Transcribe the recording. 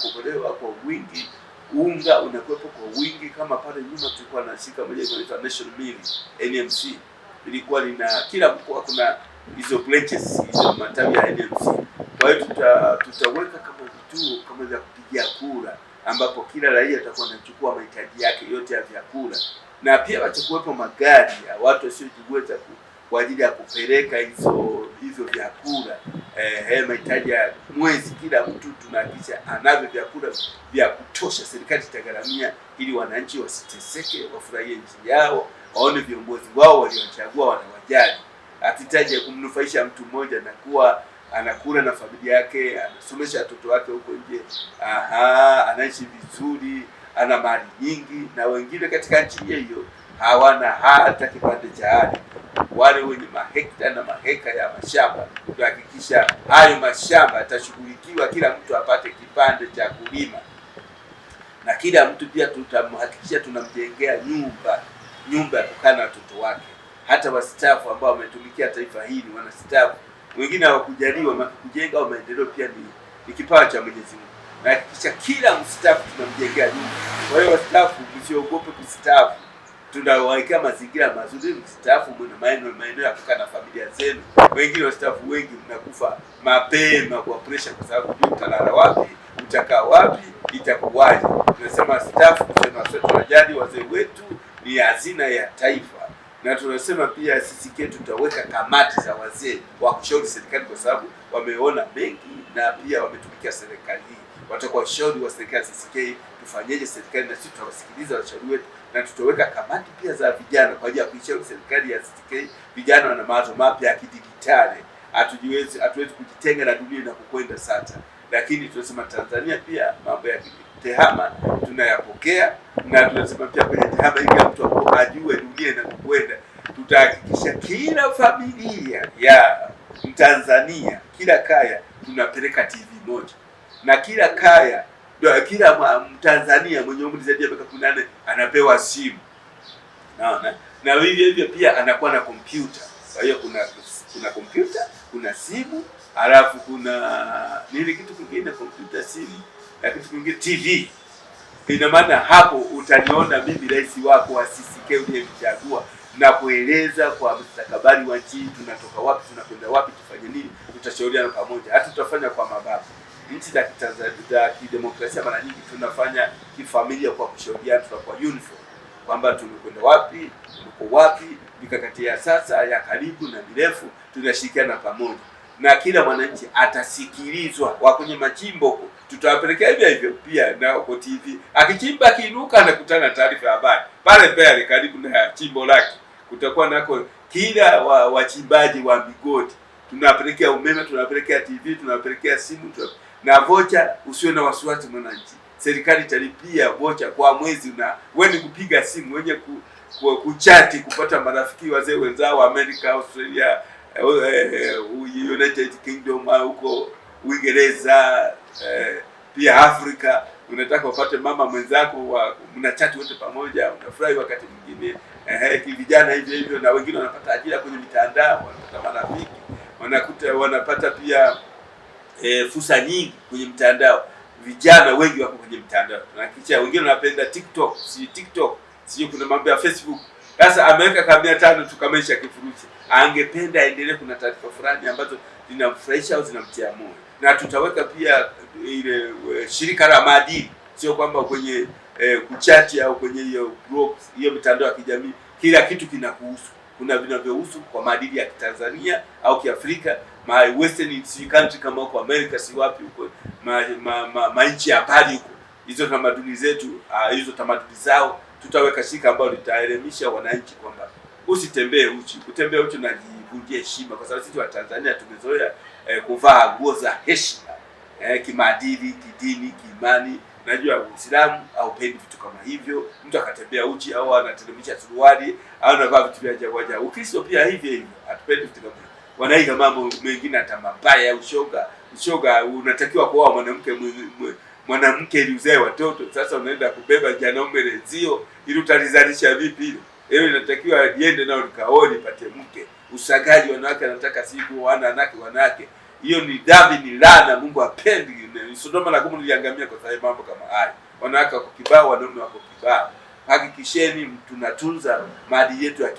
kupolewa kwa wingi, unga unakuwepo kwa wingi. Kama pale nyuma tulikuwa na shirika moja inaitwa National Mill NMC, ilikuwa lina kila mkoa kuna hizo branches hizo matawi ya NMC. Kwa hiyo tuta, tutaweka kama vituo kama vya kupigia kura ambapo kila raia atakuwa anachukua mahitaji yake yote ya vyakula, na pia watakuwepo magari ya watu wasiojiweza kwa ajili ya kupeleka hizo hivyo vyakula eh, mahitaji ya mwezi, kila mtu tunahakikisha anavyo vyakula vya kutosha. Serikali itagharamia ili wananchi wasiteseke, wafurahie nchi yao, waone viongozi wao waliochagua wanawajali. Akitaji ya kumnufaisha mtu mmoja kuwa anakula na familia yake, anasomesha watoto wake huko nje, aha, anaishi vizuri, ana mali nyingi, na wengine katika nchi hiyo hawana hata kipande cha ardhi wale wenye mahekta na maheka ya mashamba, kuhakikisha hayo mashamba yatashughulikiwa, kila mtu apate kipande cha kulima, na kila mtu pia tutamhakikishia tunamjengea nyumba, nyumba ya kukaa na watoto wake. Hata wastaafu ambao wametumikia taifa hili, wanastaafu wengine hawakujaliwa kujenga au maendeleo, pia ni, ni kipawa cha Mwenyezi Mungu. Nahakikisha kila mstaafu tunamjengea nyumba. Kwa hiyo wastaafu, msiogope kustaafu tunawawekea mazingira mazuri mstaafu mna maeneo maeneo ya kukaa na familia zenu. Wengine wastaafu wengi mnakufa mapema kwa presha, kwa sababu juu utalala wapi, utakaa wapi, itakuwaje? Tunasema staafu, tunasema sote tunajali wazee wetu ni hazina ya taifa, na tunasema pia sisi tutaweka kamati za wazee wa kushauri serikali, kwa sababu wameona mengi na pia wametumikia serikali hii watakuwa washauri wa serikali CCK, tufanyeje serikali, na sisi tutawasikiliza washauri wetu, na tutaweka kamati pia za vijana kwa ajili ya kuishauri serikali ya CCK. Vijana wana mawazo mapya ya kidijitali, hatujiwezi hatuwezi kujitenga na dunia na kukwenda sasa, lakini tunasema Tanzania pia mambo ya tehama tunayapokea, na tunasema pia kwenye tehama ili mtu ajue dunia na kukwenda, tutahakikisha kila familia ya Mtanzania, kila kaya tunapeleka TV moja na kila kaya, kila Mtanzania mwenye umri zaidi ya miaka kumi na nane anapewa simu, naona na hivyo hivyo pia anakuwa na kompyuta. Kwa hiyo kuna kuna kompyuta, kuna simu, halafu kuna nini kitu kingine, kompyuta, simu na kitu kingine TV. Ina maana hapo utaniona mimi rais wako wa CCK uliyemchagua na kueleza kwa mustakabali wa nchi, tunatoka wapi, tunakwenda wapi, tufanye nini, tutashauriana pamoja, hata tutafanya kwa mababu nchi za kidemokrasia mara nyingi tunafanya kifamilia kwa kushauriana, tunakuwa uniform kwamba tumekwenda wapi, tuko wapi, mikakati ya sasa ya karibu na mirefu, tunashirikiana pamoja na kila mwananchi atasikilizwa. Wa kwenye majimbo tutawapelekea hivyo hivyo pia na kwa TV, akichimba akiinuka, anakutana taarifa ya habari pale pale karibu na chimbo lake. Kutakuwa nako kila wachimbaji wa migodi, tunawapelekea umeme, tunawapelekea TV, tunawapelekea simu, tunapelekea na vocha, usiwe na wasiwasi mwananchi, serikali italipia vocha kwa mwezi, na wewe ni kupiga simu wenye ku, ku, kuchati kupata marafiki wazee wenzao Amerika, Australia, eh, eh, eh, United Kingdom au huko Uingereza uh, pia Afrika unataka upate mama mwenzako wa mnachati wote pamoja, unafurahi wakati mwingine eh, vijana hivyo hivyo, na wengine wanapata ajira kwenye mitandao, wanapata marafiki, wanakuta wanapata pia e, fursa nyingi kwenye mtandao. Vijana wengi wako kwenye mtandao, tunahakikisha wengine wanapenda TikTok, si TikTok, si kuna mambo ya Facebook. Sasa ameweka kamera tano tu kama ishakifurushi, angependa aendelee. Kuna taarifa fulani ambazo zinamfurahisha au zinamtia moyo, na tutaweka pia eh, ile eh, shirika la maadili, sio kwamba kwenye eh, kuchati au kwenye hiyo hiyo mitandao ya kijamii kila kitu kinakuhusu kuna vinavyohusu kwa maadili ya Kitanzania au Kiafrika, ma western country kama huko America, si wapi huko ma, ma, ma, ma nchi ya mbali huko, hizo tamaduni zetu uh, hizo tamaduni zao, tutaweka shika ambayo litaelimisha wananchi kwamba usitembee uchi. Kutembea uchi unajivunjia heshima, kwa sababu sisi Watanzania tumezoea eh, kuvaa nguo za heshima eh, kimaadili, kidini, kiimani najua Uislamu haupendi vitu kama hivyo, mtu akatembea uchi au anateremisha suruali au anavaa vitu vya ajabu ajabu. Ukristo pia hivyo hivyo, hatupendi vitu kama hivyo, wanaiga mambo mengine, hata mabaya, ya ushoga. Ushoga unatakiwa kuoa mwanamke mwanamke ili uzae watoto. Sasa unaenda kubeba janaume lezio, ili utalizalisha vipi hilo? Hiyo inatakiwa iende nao nikaoe nipate mke. Usagaji, wanawake anataka siku wana wanawake, hiyo ni dhambi, ni laana. Mungu apendi Sodoma na Gomora liliangamia kwa sababu mambo kama haya. Wanawake wako kibao, wanaume wako kibao. Hakikisheni tunatunza maadili yetu ya